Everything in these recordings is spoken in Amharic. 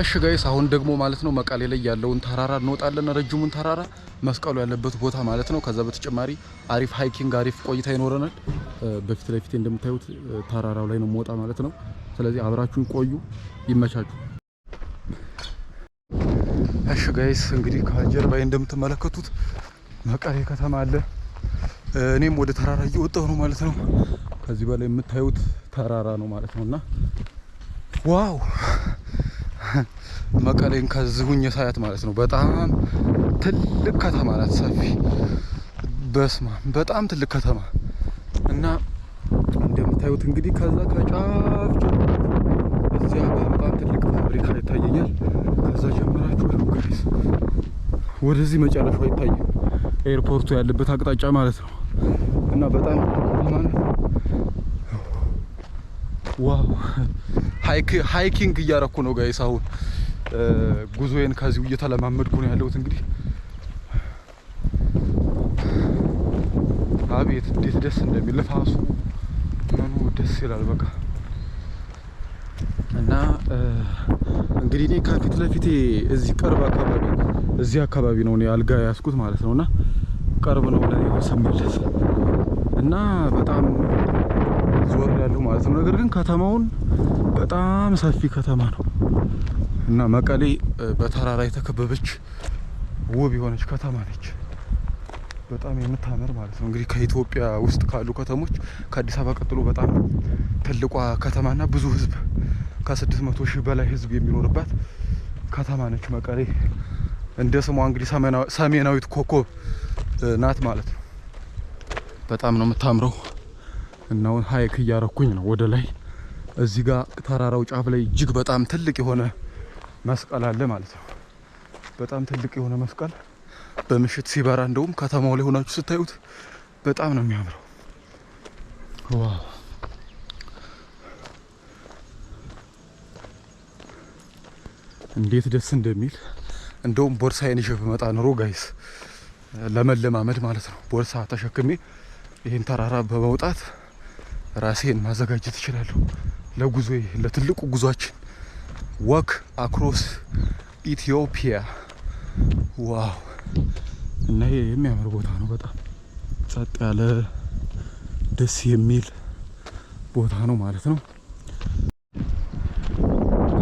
እሺ ጋይስ አሁን ደግሞ ማለት ነው መቀሌ ላይ ያለውን ተራራ እንወጣለን። ረጅሙን ተራራ መስቀሉ ያለበት ቦታ ማለት ነው። ከዛ በተጨማሪ አሪፍ ሃይኪንግ፣ አሪፍ ቆይታ ይኖረናል። በፊት ለፊት እንደምታዩት ተራራው ላይ ነው መውጣ ማለት ነው። ስለዚህ አብራችሁን ቆዩ፣ ይመቻችሁ። እሺ ጋይስ እንግዲህ ከጀርባ እንደምትመለከቱት መቀሌ ከተማ አለ። እኔም ወደ ተራራ እየወጣሁ ነው ማለት ነው። ከዚህ በላይ የምታዩት ተራራ ነው ማለት ነውና ዋው መቀሌን ከዝሁኝ ሳያት ማለት ነው። በጣም ትልቅ ከተማ ናት፣ ሰፊ በስማ በጣም ትልቅ ከተማ እና እንደምታዩት እንግዲህ ከዛ ከጫፍ እዚያ ጋር በጣም ትልቅ ፋብሪካ ይታየኛል። ከዛ ጀምራችሁ ጋይስ ወደዚህ መጨረሻው ይታየ ኤርፖርቱ ያለበት አቅጣጫ ማለት ነው እና በጣም ማለት ነው። ዋው ሃይክ ሃይኪንግ እያረኩ ነው ጋይስ። አሁን ጉዞዬን ከዚሁ እየተለማመድኩ ነው ያለሁት። እንግዲህ አቤት እንዴት ደስ እንደሚል ፋሱ ምኑ ደስ ይላል። በቃ እና እንግዲህ እኔ ከፊት ለፊቴ እዚህ ቅርብ አካባቢ እዚህ አካባቢ ነው እኔ አልጋ ያስኩት ማለት ነውና ቅርብ ነው ለኔ መመለስ እና በጣም ዞር ያለው ማለት ነው። ነገር ግን ከተማውን በጣም ሰፊ ከተማ ነው እና መቀሌ በተራራ የተከበበች ውብ የሆነች ከተማ ነች። በጣም የምታምር ማለት ነው። እንግዲህ ከኢትዮጵያ ውስጥ ካሉ ከተሞች ከአዲስ አበባ ቀጥሎ በጣም ትልቋ ከተማና ብዙ ህዝብ ከ መቶ ሺህ በላይ ህዝብ የሚኖርባት ከተማ ነች መቀሌ። እንደ ስሟ እንግዲህ ሰሜናዊት ኮከብ ናት ማለት ነው። በጣም ነው የምታምረው። እናሁን ሀይክ እያረኩኝ ነው ወደ ላይ። እዚህ ጋር ተራራው ጫፍ ላይ እጅግ በጣም ትልቅ የሆነ መስቀል አለ ማለት ነው። በጣም ትልቅ የሆነ መስቀል በምሽት ሲበራ እንደውም ከተማው ላይ ሆናችሁ ስታዩት በጣም ነው የሚያምረው። ዋው እንዴት ደስ እንደሚል እንደውም ቦርሳዬን ይዤ ብመጣ ኑሮ ጋይስ ለመለማመድ ማለት ነው ቦርሳ ተሸክሜ ይህን ተራራ በመውጣት ራሴን ማዘጋጀት እችላለሁ ለጉዞ ለትልቁ ጉዟችን ወክ አክሮስ ኢትዮጵያ። ዋው! እና ይሄ የሚያምር ቦታ ነው። በጣም ጸጥ ያለ ደስ የሚል ቦታ ነው ማለት ነው።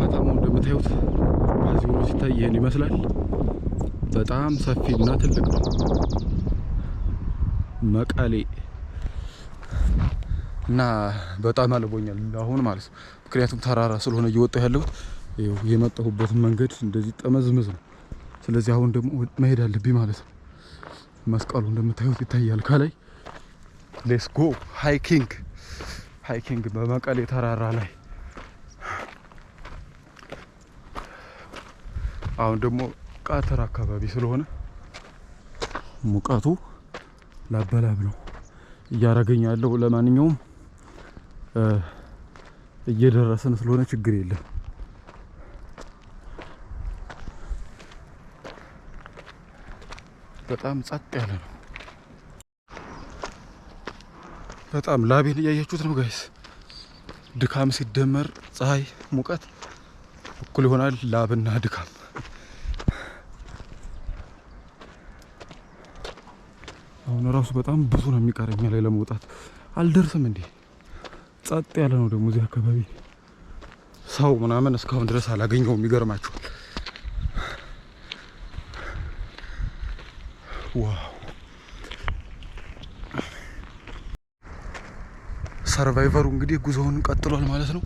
በጣም እንደምታዩት ከዚህ ሆኖ ሲታይ ይህን ይመስላል። በጣም ሰፊና ትልቅ ነው መቀሌ እና በጣም አልቦኛል አሁን ማለት ነው። ምክንያቱም ተራራ ስለሆነ እየወጣሁ ያለሁት የመጣሁበት መንገድ እንደዚህ ጠመዝምዝ ነው። ስለዚህ አሁን ደግሞ መሄድ አለብኝ ማለት ነው። መስቀሉ እንደምታዩት ይታያል ከላይ። ሌስ ጎ ሃይኪንግ ሃይኪንግ በመቀሌ ተራራ ላይ። አሁን ደግሞ ቃተር አካባቢ ስለሆነ ሙቀቱ ላበላብ ነው እያረገኝ ያለው። ለማንኛውም እየደረስን ስለሆነ ችግር የለም። በጣም ጸጥ ያለ ነው። በጣም ላቤን እያያችሁት ነው ጋይስ። ድካም ሲደመር ፀሐይ፣ ሙቀት እኩል ይሆናል ላብና ድካም። አሁን ራሱ በጣም ብዙ ነው የሚቀረኝ ላይ ለመውጣት አልደርስም እንዴ ጸጥ ያለ ነው። ደግሞ እዚህ አካባቢ ሰው ምናምን እስካሁን ድረስ አላገኘውም። ይገርማችኋል። ዋው ሰርቫይቨሩ እንግዲህ ጉዞውን ቀጥሏል ማለት ነው።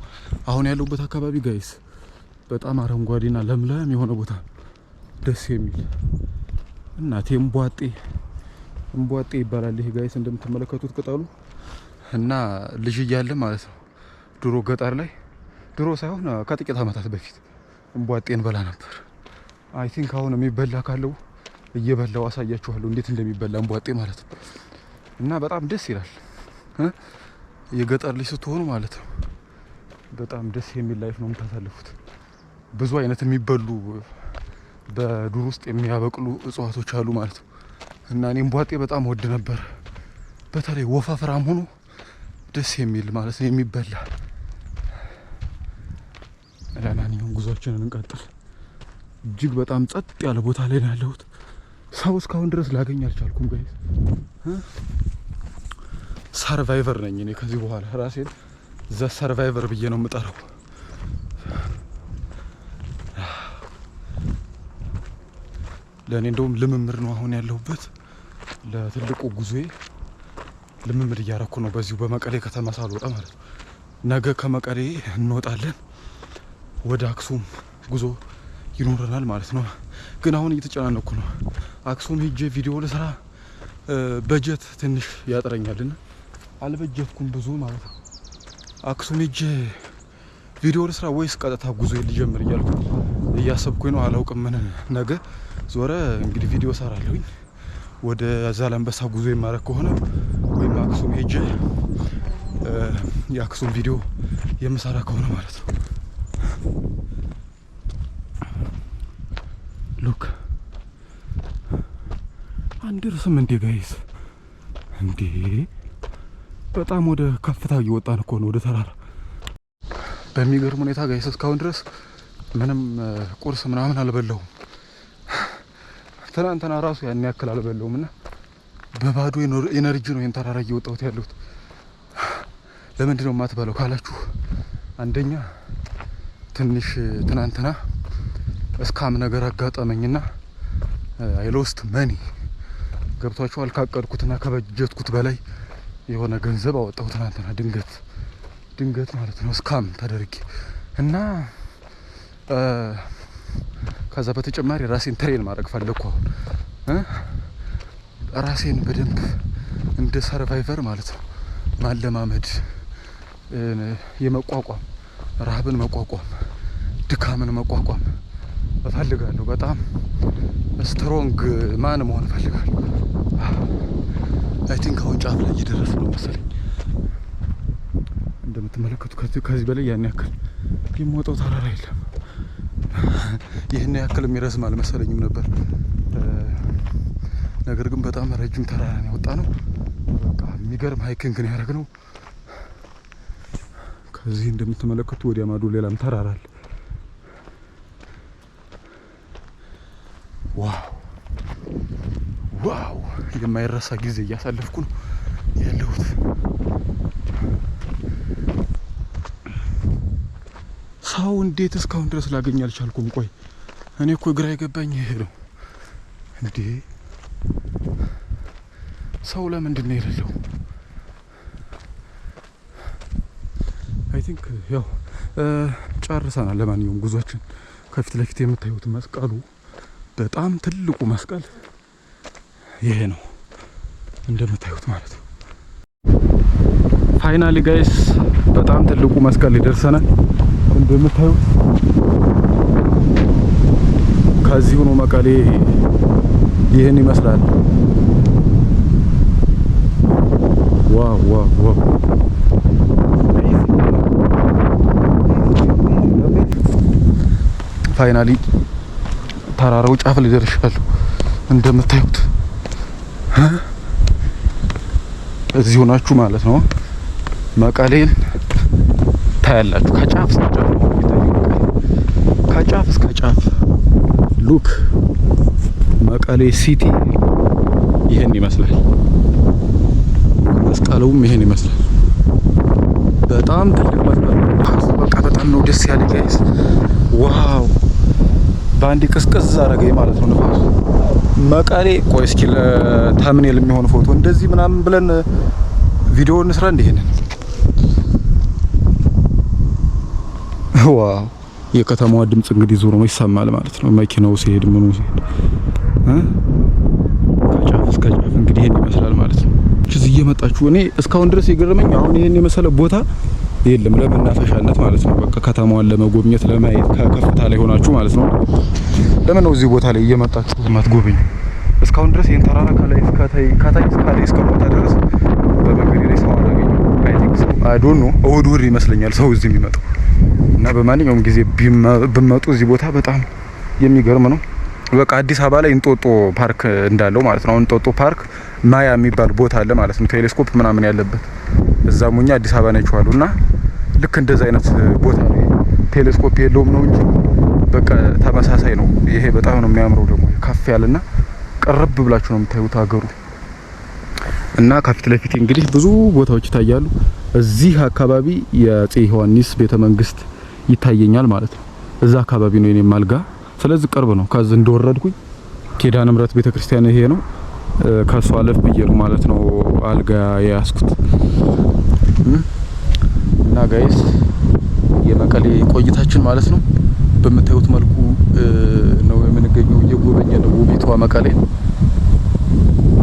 አሁን ያለውበት አካባቢ ጋይስ በጣም አረንጓዴና ለምለም የሆነ ቦታ ደስ የሚል እናቴ እምቧጤ እምቧጤ ይባላል። ይሄ ጋይስ እንደምትመለከቱት ቅጠሉ እና ልጅ እያለ ማለት ነው ድሮ ገጠር ላይ ድሮ ሳይሆን ከጥቂት አመታት በፊት እንቧጤን በላ ነበር። አይ ቲንክ አሁን የሚበላ ካለው እየበላው አሳያችኋለሁ እንዴት እንደሚበላ እንቧጤ ማለት ነው። እና በጣም ደስ ይላል የገጠር ልጅ ስትሆኑ ማለት ነው። በጣም ደስ የሚል ላይፍ ነው የምታሳልፉት። ብዙ አይነት የሚበሉ በዱር ውስጥ የሚያበቅሉ እጽዋቶች አሉ ማለት ነው። እና እኔ እንቧጤ በጣም ወድ ነበር። በተለይ ወፋፍራም ሆኖ ደስ የሚል ማለት ነው የሚበላ ለማንኛውም ጉዟችንን እንቀጥል። እጅግ በጣም ጸጥ ያለ ቦታ ላይ ነው ያለሁት። ሰው እስካሁን ድረስ ላገኝ አልቻልኩም። ጋይስ ሰርቫይቨር ነኝ እኔ። ከዚህ በኋላ ራሴን ዘ ሰርቫይቨር ብዬ ነው የምጠራው። ለእኔ እንደውም ልምምር ነው አሁን ያለሁበት ለትልቁ ጉዞዬ ልምምድ እያረኩ ነው። በዚሁ በመቀሌ ከተማ ሳልወጣ ማለት ነው። ነገ ከመቀሌ እንወጣለን ወደ አክሱም ጉዞ ይኖረናል ማለት ነው። ግን አሁን እየተጨናነኩ ነው። አክሱም ሄጄ ቪዲዮ ለስራ በጀት ትንሽ ያጥረኛልና አልበጀትኩም ብዙ ማለት ነው። አክሱም ሄጄ ቪዲዮ ለስራ ወይስ ቀጥታ ጉዞ ልጀምር እያልኩ እያሰብኩኝ ነው። አላውቅም ምን ነገ ዞረ እንግዲህ ቪዲዮ ሰራለሁኝ ወደ ዛላምበሳ ጉዞ የማረግ ከሆነ አክሱም ሄጄ የአክሱም ቪዲዮ የምሰራ ከሆነ ማለት ነው። ሉክ አንደርስም እንዴ ጋይስ፣ እንዴ በጣም ወደ ከፍታ እየወጣን እኮ ነው፣ ወደ ተራራ በሚገርም ሁኔታ ጋይስ። እስካሁን ድረስ ምንም ቁርስ ምናምን አልበላሁም። ትናንትና ራሱ ያን ያክል አልበላሁም እና በባዶ ኤነርጂ ነው ይህን ተራራ እየወጣሁት ያለሁት። ለምንድን ነው የማትበለው ካላችሁ፣ አንደኛ ትንሽ ትናንትና እስካም ነገር አጋጠመኝና አይ ሎስት መኒ ገብቷችኋል። ካቀድኩትና ከበጀትኩት በላይ የሆነ ገንዘብ አወጣሁ ትናንትና፣ ድንገት ድንገት ማለት ነው እስካም ተደርጌ እና ከዛ በተጨማሪ ራሴን ትሬን ማድረግ ፈለግኩ አሁን ራሴን በደንብ እንደ ሰርቫይቨር ማለት ነው ማለማመድ፣ የመቋቋም ረሃብን መቋቋም፣ ድካምን መቋቋም እፈልጋለሁ። በጣም ስትሮንግ ማን መሆን እፈልጋለሁ። አይ ቲንክ አሁን ጫፍ ላይ እየደረስ ነው መሰለኝ። እንደምትመለከቱ ከዚህ በላይ ያን ያክል የሚወጣው ተራራ የለም። ይህን ያክል የሚረዝም አልመሰለኝም ነበር። ነገር ግን በጣም ረጅም ተራራ ነው የወጣ ነው። በቃ የሚገርም ሀይኪንግ ነው ከዚህ እንደምትመለከቱ ወዲያ ማዶ ሌላም ተራራ አለ። ዋው ዋው! የማይረሳ ጊዜ እያሳለፍኩ ነው ያለሁት። ሰው እንዴት እስካሁን ድረስ ላገኝ አልቻልኩም? ቆይ እኔ እኮ ግራ የገባኝ ይሄ ነው እንዴ ሰው ለምንድን ነው የሌለው? አይ ቲንክ ያው ጨርሰናል። ለማንኛውም ጉዟችን ከፊት ለፊት የምታዩት መስቀሉ በጣም ትልቁ መስቀል ይሄ ነው እንደምታዩት ማለት ነው። ፋይናሊ ጋይስ በጣም ትልቁ መስቀል ይደርሰናል እንደምታዩት ከዚህ ሆኖ መቀሌ ይህን ይመስላል። ዋው ዋው ዋው ፋይናሊ ተራራው ጫፍ ላይ ደርሻለሁ። እንደምታዩት እዚህ ሆናችሁ ማለት ነው መቀሌን ታያላችሁ። ከጫፍ እስከ ጫፍ ከጫፍ እስከ ጫፍ ሉክ መቀሌ ሲቲ ይሄን ይመስላል። መስቀሉም ይሄን ይመስላል። በጣም ትልቅ መስቀል በቃ በጣም ነው ደስ ያለ ጋይስ። ዋው በአንድ ቅዝቅዝ አረገኝ ማለት ነው ንፋሱ። መቀሌ ቆይ እስኪ ለታምኔል የሚሆን ፎቶ እንደዚህ ምናምን ብለን ቪዲዮ እንስራ እንደ ይሄንን ዋው የከተማዋ ድምጽ እንግዲህ ዞሮ ይሰማል ማለት ነው። መኪናው ሲሄድ ምኑ ሲሄድ ከጫፍ እስከ ጫፍ እንግዲህ ይሄን ይመስላል ማለት ነው። እዚህ እየመጣችሁ እኔ እስካሁን ድረስ የገረመኝ አሁን ይሄን የመሰለ ቦታ የለም ለመናፈሻነት ማለት ነው። በቃ ከተማዋን ለመጎብኘት ለማየት ከከፍታ ላይ ሆናችሁ ማለት ነው። ለምን ነው እዚህ ቦታ ላይ እየመጣችሁ ማትጎብኝ? እስካሁን ድረስ ይሄን ተራራ ከላይ ከታይ ከታይ እስካላይ እስከ ቦታ ድረስ በመንገድ ላይ ሰው አላገኘሁም። አይ ቲንክ አይ ዶንት ኖ እሑድ እሑድ ይመስለኛል ሰው እዚህ የሚመጣው እና በማንኛውም ጊዜ ብመጡ እዚህ ቦታ በጣም የሚገርም ነው። በቃ አዲስ አበባ ላይ እንጦጦ ፓርክ እንዳለው ማለት ነው። እንጦጦ ፓርክ ማያ የሚባል ቦታ አለ ማለት ነው። ቴሌስኮፕ ምናምን ያለበት እዛ ሙኛ አዲስ አበባ ነው ይችዋሉ እና ልክ እንደዛ አይነት ቦታ ነው። ቴሌስኮፕ የለውም ነው እንጂ በቃ ተመሳሳይ ነው። ይሄ በጣም ነው የሚያምረው። ደግሞ ከፍ ያለና ቅርብ ብላችሁ ነው የምታዩት ሀገሩ እና ከፊት ለፊት እንግዲህ ብዙ ቦታዎች ይታያሉ። እዚህ አካባቢ የአፄ ዮሐንስ ቤተ መንግስት ይታየኛል ማለት ነው። እዛ አካባቢ ነው የኔ ማልጋ ስለዚህ ቅርብ ነው። ከዚህ እንደወረድኩኝ ኪዳነ ምሕረት ቤተክርስቲያን ይሄ ነው። ከሷ አለፍ ብዬ ነው ማለት ነው አልጋ የያዝኩት እና ጋይስ የመቀሌ ቆይታችን ማለት ነው በምታዩት መልኩ ነው የምንገኘው። እየጎበኘ ነው ውቢቷ መቀሌ።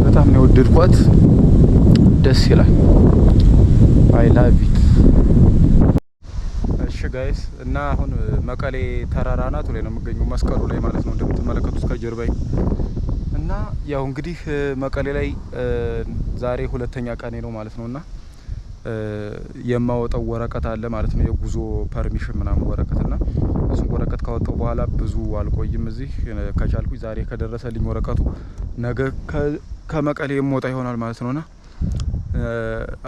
በጣም ነው የወደድኳት። ደስ ይላል። አይ ላቭ ኢት ጋይስ እና አሁን መቀሌ ተራራ ናት ላይ ነው የምገኘው፣ መስቀሉ ላይ ማለት ነው እንደምትመለከቱት ከጀርባይ እና ያው እንግዲህ መቀሌ ላይ ዛሬ ሁለተኛ ቀኔ ነው ማለት ነው እና የማወጣው ወረቀት አለ ማለት ነው። የጉዞ ፐርሚሽን ምናምን ወረቀት እና እሱን ወረቀት ካወጣው በኋላ ብዙ አልቆይም እዚህ ከቻልኩኝ ዛሬ ከደረሰልኝ ወረቀቱ ነገ ከመቀሌ የምወጣ ይሆናል ማለት ና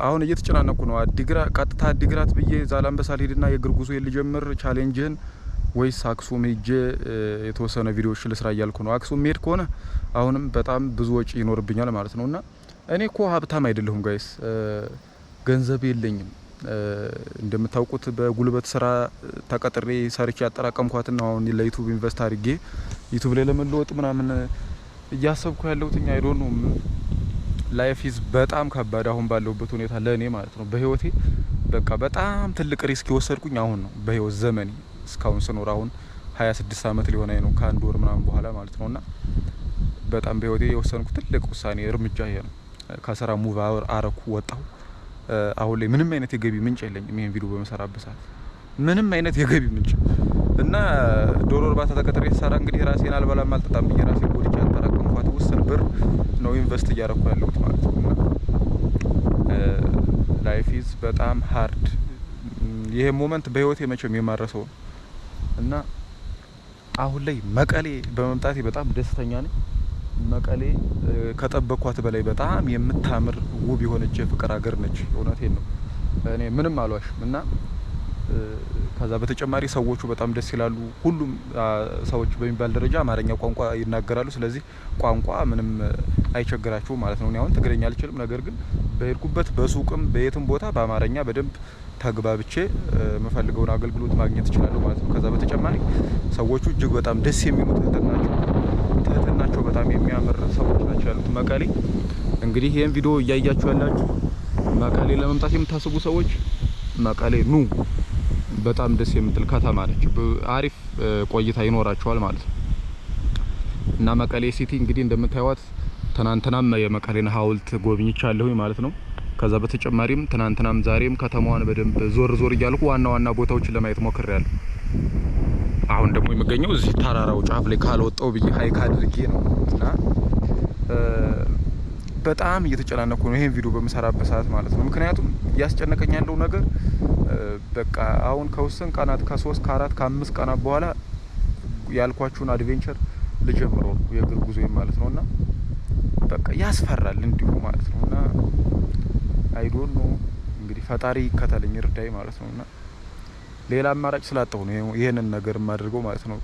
አሁን እየተጨናነቁ ነው። አዲግራ ቀጥታ አዲግራት ብዬ ዛላንበሳ ልሄድና የእግር ጉዞ ልጀምር ቻሌንጅህን ወይስ አክሱም ሄጄ የተወሰነ ቪዲዮዎች ልስራ እያልኩ ነው። አክሱም ሄድ ከሆነ አሁንም በጣም ብዙ ወጪ ይኖርብኛል ማለት ነው። እና እኔ ኮ ሀብታም አይደለሁም ጋይስ፣ ገንዘብ የለኝም። እንደምታውቁት በጉልበት ስራ ተቀጥሬ ሰርቼ ያጠራቀምኳትና አሁን ለዩቱብ ኢንቨስት አድርጌ ዩቱብ ላይ ለመለወጥ ምናምን እያሰብኩ ያለሁት እኛ አይዶን ነው ላይፍ ኢዝ በጣም ከባድ አሁን ባለሁበት ሁኔታ ለእኔ ማለት ነው። በህይወቴ በቃ በጣም ትልቅ ሪስክ የወሰድኩኝ አሁን ነው በህይወት ዘመኔ እስካሁን ስኖር አሁን 26 ስድስት አመት ሊሆነኝ ነው ከአንድ ወር ምናምን በኋላ ማለት ነው። እና በጣም በህይወቴ የወሰንኩ ትልቅ ውሳኔ እርምጃ ይሄ ነው። ከስራ ሙቭ አረኩ ወጣሁ። አሁን ላይ ምንም አይነት የገቢ ምንጭ የለኝም። ይህን ቪዲዮ በመሰራበት ሰዓት ምንም አይነት የገቢ ምንጭ እና ዶሮ እርባታ ተቀጥሬ የተሰራ እንግዲህ ራሴን አልበላም አልጠጣም ብዬ ራሴን ጎድቼ ያጠራቀምኳት ውስን ብር ነው ኢንቨስት እያረኩ ያለሁት ማለት ነው። እና ላይፍ ኢዝ በጣም ሀርድ። ይሄ ሞመንት በህይወቴ መቼም የማረሰው ነው እና አሁን ላይ መቀሌ በመምጣቴ በጣም ደስተኛ ነኝ። መቀሌ ከጠበኳት በላይ በጣም የምታምር ውብ የሆነች የፍቅር ሀገር ነች። እውነቴን ነው። እኔ ምንም አልዋሽም እና ከዛ በተጨማሪ ሰዎቹ በጣም ደስ ይላሉ። ሁሉም ሰዎች በሚባል ደረጃ አማርኛ ቋንቋ ይናገራሉ። ስለዚህ ቋንቋ ምንም አይቸግራችሁ ማለት ነው። እኔ አሁን ትግርኛ አልችልም፣ ነገር ግን በሄድኩበት በሱቅም በየትም ቦታ በአማርኛ በደንብ ተግባብቼ የምፈልገውን አገልግሎት ማግኘት እችላለሁ ማለት ነው። ከዛ በተጨማሪ ሰዎቹ እጅግ በጣም ደስ የሚሉ ትህትን ናቸው። ትህትን ናቸው። በጣም የሚያምር ሰዎች ናቸው ያሉት መቀሌ። እንግዲህ ይህን ቪዲዮ እያያችሁ ያላችሁ መቀሌ ለመምጣት የምታስቡ ሰዎች መቀሌ ኑ። በጣም ደስ የምትል ከተማ ነች። አሪፍ ቆይታ ይኖራቸዋል ማለት ነው። እና መቀሌ ሲቲ እንግዲህ እንደምታዩት ትናንትናም የመቀሌን ሐውልት ጎብኝቻለሁኝ ማለት ነው። ከዛ በተጨማሪም ትናንትናም ዛሬም ከተማዋን በደንብ ዞር ዞር እያልኩ ዋና ዋና ቦታዎችን ለማየት ሞክሬያለሁ። አሁን ደግሞ የሚገኘው እዚህ ተራራው ጫፍ ላይ ካልወጣው ብዬ ሀይክ አድርጌ ነው እና በጣም እየተጨናነኩ ነው ይሄን ቪዲዮ በምሰራበት ሰዓት ማለት ነው። ምክንያቱም እያስጨነቀኝ ያለው ነገር በቃ አሁን ከውስን ቀናት ከሶስት ከአራት ከአምስት ቀናት በኋላ ያልኳችሁን አድቬንቸር ልጀምረው ነው የእግር ጉዞ ማለት ነው እና በቃ ያስፈራል እንዲሁ ማለት ነው እና አይዶን ነው እንግዲህ ፈጣሪ ይከተለኝ እርዳይ ማለት ነው እና ሌላ አማራጭ ስላጣሁ ነው ይህንን ነገር የማደርገው ማለት ነው።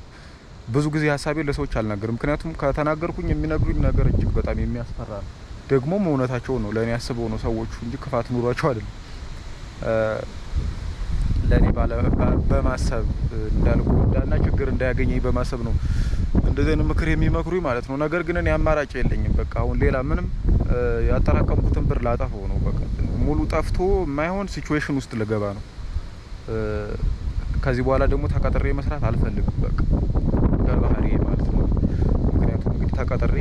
ብዙ ጊዜ ሀሳቤ ለሰዎች አልናገርም። ምክንያቱም ከተናገርኩኝ የሚነግሩኝ ነገር እጅግ በጣም የሚያስፈራ ነው። ደግሞም እውነታቸው ነው፣ ለእኔ ያስበው ነው ሰዎቹ እንጂ ክፋት ኑሯቸው አይደለም። ለእኔ በማሰብ እንዳልጎዳና ችግር እንዳያገኘኝ በማሰብ ነው እንደዚህ ምክር የሚመክሩኝ ማለት ነው። ነገር ግን እኔ አማራጭ የለኝም። በቃ አሁን ሌላ ምንም ያጠራቀምኩትን ብር ላጠፈው ነው። በቃ ሙሉ ጠፍቶ የማይሆን ሲቹዌሽን ውስጥ ልገባ ነው። ከዚህ በኋላ ደግሞ ተቀጥሬ መስራት አልፈልግም። በቃ በባህሪ ማለት ነው። ምክንያቱም እንግዲህ ተቀጥሬ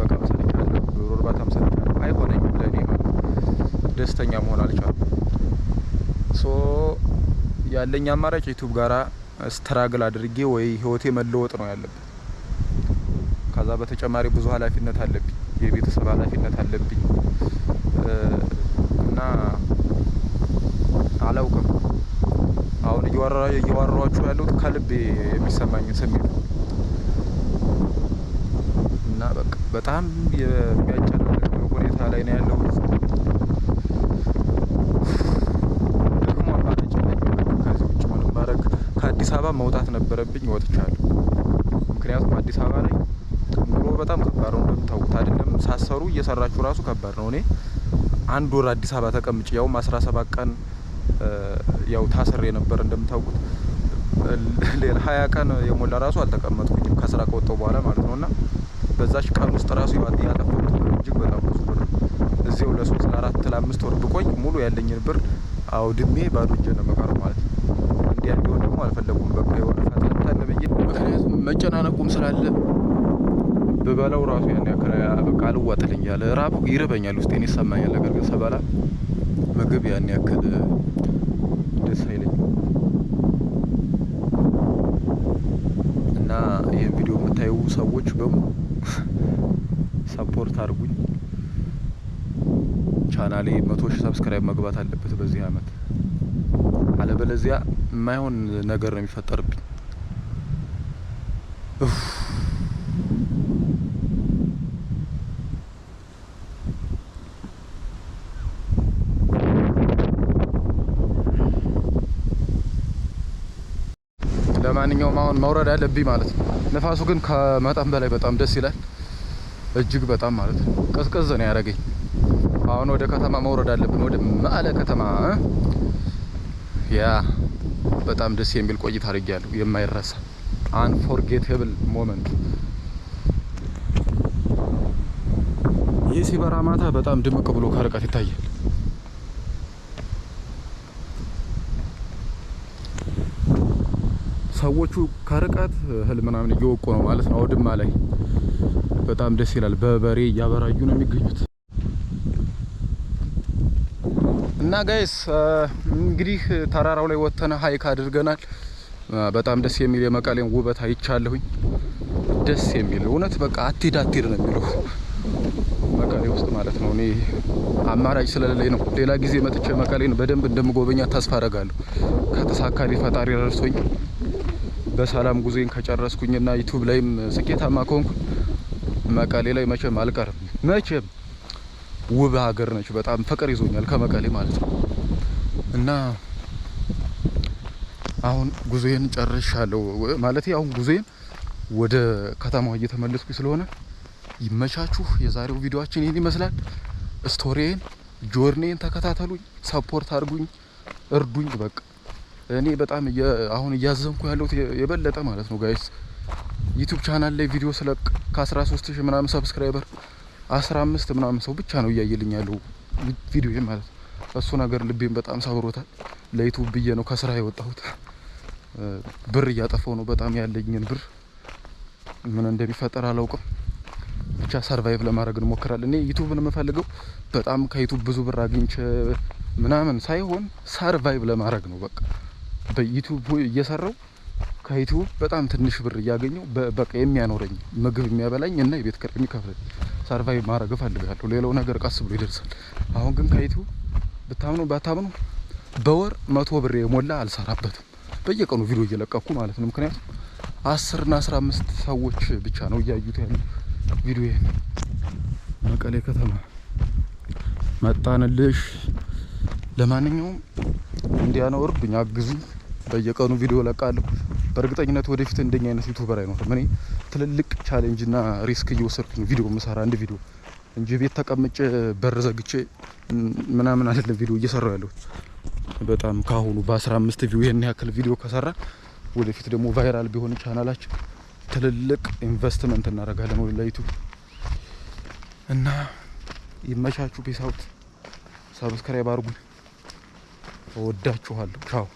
በቃ ሰልቻለሁ፣ ዶሮ እርባታ ሰልቻለሁ፣ አይሆነኝም። ለእኔ ደስተኛ መሆን አልቻልኩም። ሶ ያለኝ አማራጭ ዩቱብ ጋራ ስትራግል አድርጌ ወይ ህይወቴ መለወጥ ነው ያለብን። ከዛ በተጨማሪ ብዙ ኃላፊነት አለብኝ፣ የቤተሰብ ኃላፊነት አለብኝ እና አላውቅም። አሁን እየዋራኋችሁ ያለሁት ከልቤ የሚሰማኝ ስሜት ነው እና በቃ በጣም የሚያጨናንቅ ሁኔታ ላይ ነው ያለሁት። አበባ መውጣት ነበረብኝ፣ ወጥቻለሁ። ምክንያቱም አዲስ አበባ ላይ ኑሮ በጣም ከባድ ነው እንደምታውቁት አይደለም። ሳሰሩ እየሰራችሁ ራሱ ከባድ ነው። እኔ አንድ ወር አዲስ አበባ ተቀምጭ፣ ያውም አስራ ሰባት ቀን ያው ታስሬ ነበር እንደምታውቁት። ሌላ ሀያ ቀን የሞላ ራሱ አልተቀመጥኩኝም ከስራ ከወጣሁ በኋላ ማለት ነው። እና በዛች ቀን ውስጥ ራሱ ያጠፋሁት እጅግ በጣም ብዙ ብር እዚው ለሶስት ለአራት ለአምስት ወር ብቆይ ሙሉ ያለኝን ብር አውድሜ ባዶ እጄን ነው መቀረው ማለት ነው። እንዲያ እንዲሆነ ደግሞ አልፈለጉም። በቃ የሆነ ፈታታለ ብዬ ምክንያቱም መጨናነቁም ስላለ ብበላው ራሱ ያን ያክል በቃ አልዋጥልኝ ያለ ራብ ይርበኛል፣ ውስጤን ይሰማኛል። ነገር ግን ስበላ ምግብ ያን ያክል ደስ አይለኝ እና ይህን ቪዲዮ የምታዩ ሰዎች በሙሉ ሰፖርት አድርጉኝ። ቻናሌ መቶ ሺህ ሰብስክራይብ መግባት አለበት በዚህ አመት አለበለዚያ የማይሆን ነገር ነው የሚፈጠርብኝ። ለማንኛውም አሁን መውረድ አለብኝ ማለት ነው። ንፋሱ ግን ከመጠን በላይ በጣም ደስ ይላል። እጅግ በጣም ማለት ነው ቀዝቀዝ ነው ያደረገኝ። አሁን ወደ ከተማ መውረድ አለብን፣ ወደ መቀለ ከተማ ያ በጣም ደስ የሚል ቆይታ አድርጊያለሁ። የማይረሳ አንፎርጌቴብል ሞመንት። ይህ ሲበራ ማታ በጣም ድምቅ ብሎ ከርቀት ይታያል። ሰዎቹ ከርቀት እህል ምናምን እየወቁ ነው ማለት ነው አውድማ ላይ። በጣም ደስ ይላል። በበሬ እያበራዩ ነው የሚገኙት። እና ጋይስ እንግዲህ ተራራው ላይ ወጥተን ሀይክ አድርገናል። በጣም ደስ የሚል የመቀሌን ውበት አይቻለሁኝ። ደስ የሚል እውነት በቃ አትሄድ አትሄድ ነው የሚለው መቀሌ ውስጥ ማለት ነው። እኔ አማራጭ ስለሌለኝ ነው። ሌላ ጊዜ መጥቼ መቀሌን በደንብ እንደምጎበኛ ተስፋ አደርጋለሁ። ከተሳካሪ ፈጣሪ ረድቶኝ በሰላም ጉዞን ከጨረስኩኝና ዩቱብ ላይም ስኬታማ ከሆንኩ መቀሌ ላይ መቼም አልቀርም መቼም ውብ ሀገር ነች። በጣም ፍቅር ይዞኛል ከመቀሌ ማለት ነው። እና አሁን ጉዞዬን ጨርሻለሁ ማለት አሁን ጉዞዬን ወደ ከተማው እየተመለስኩ ስለሆነ ይመቻችሁ። የዛሬው ቪዲዮአችን ይህን ይመስላል። ስቶሪዬን ጆርኔን ተከታተሉኝ፣ ሰፖርት አድርጉኝ፣ እርዱኝ። በቃ እኔ በጣም አሁን እያዘንኩ ያለሁት የበለጠ ማለት ነው ጋይስ ዩቲዩብ ቻናል ላይ ቪዲዮ ስለቅ ከ13000 ምናምን ሰብስክራይበር አስራ አምስት ምናምን ሰው ብቻ ነው እያየልኝ ያለው ቪዲዮ ማለት እሱ ነገር ልቤን በጣም ሰብሮታል። ለዩቱብ ብዬ ነው ከስራ የወጣሁት። ብር እያጠፈው ነው። በጣም ያለኝን ብር ምን እንደሚፈጠር አላውቅም። ብቻ ሰርቫይቭ ለማድረግ እንሞክራል እኔ ዩቱብን የምፈልገው በጣም ከዩቱብ ብዙ ብር አግኝቼ ምናምን ሳይሆን ሰርቫይቭ ለማድረግ ነው። በቃ በዩቱብ እየሰራው ከዩቱብ በጣም ትንሽ ብር እያገኘው በቃ የሚያኖረኝ ምግብ የሚያበላኝ እና የቤት ኪራይ የሚከፍለኝ ሰርቫይቭ ማድረግ እፈልጋለሁ። ሌላው ነገር ቀስ ብሎ ይደርሳል። አሁን ግን ከይቱ ብታምኑ ባታምኑ በወር መቶ ብር የሞላ አልሰራበትም። በየቀኑ ቪዲዮ እየለቀኩ ማለት ነው። ምክንያቱም አስር እና አስራ አምስት ሰዎች ብቻ ነው እያዩት ያሉ ቪዲዮ። መቀሌ ከተማ መጣንልሽ። ለማንኛውም እንዲያነው እርዱኝ፣ አግዙኝ። በየቀኑ ቪዲዮ ለቃለሁ። በእርግጠኝነት ወደፊት እንደኛ አይነት ዩቱበር አይኖርም። እኔ ትልልቅ ቻሌንጅ እና ሪስክ እየወሰድኩ ነው ቪዲዮ መሰራ አንድ ቪዲዮ እንጂ ቤት ተቀምጬ በር ዘግቼ ምናምን አይደለም ቪዲዮ እየሰራው ያለሁት። በጣም ካሁኑ በ15 ቪው ይሄን ያክል ቪዲዮ ከሰራ ወደፊት ደግሞ ቫይራል ቢሆን ቻናላችን ትልልቅ ኢንቨስትመንት እናደርጋለን ወደ ዩቲዩብ እና ይመቻችሁ። ፒስ አውት። ሰብስክራይብ አድርጉን። እወዳችኋለሁ። ቻው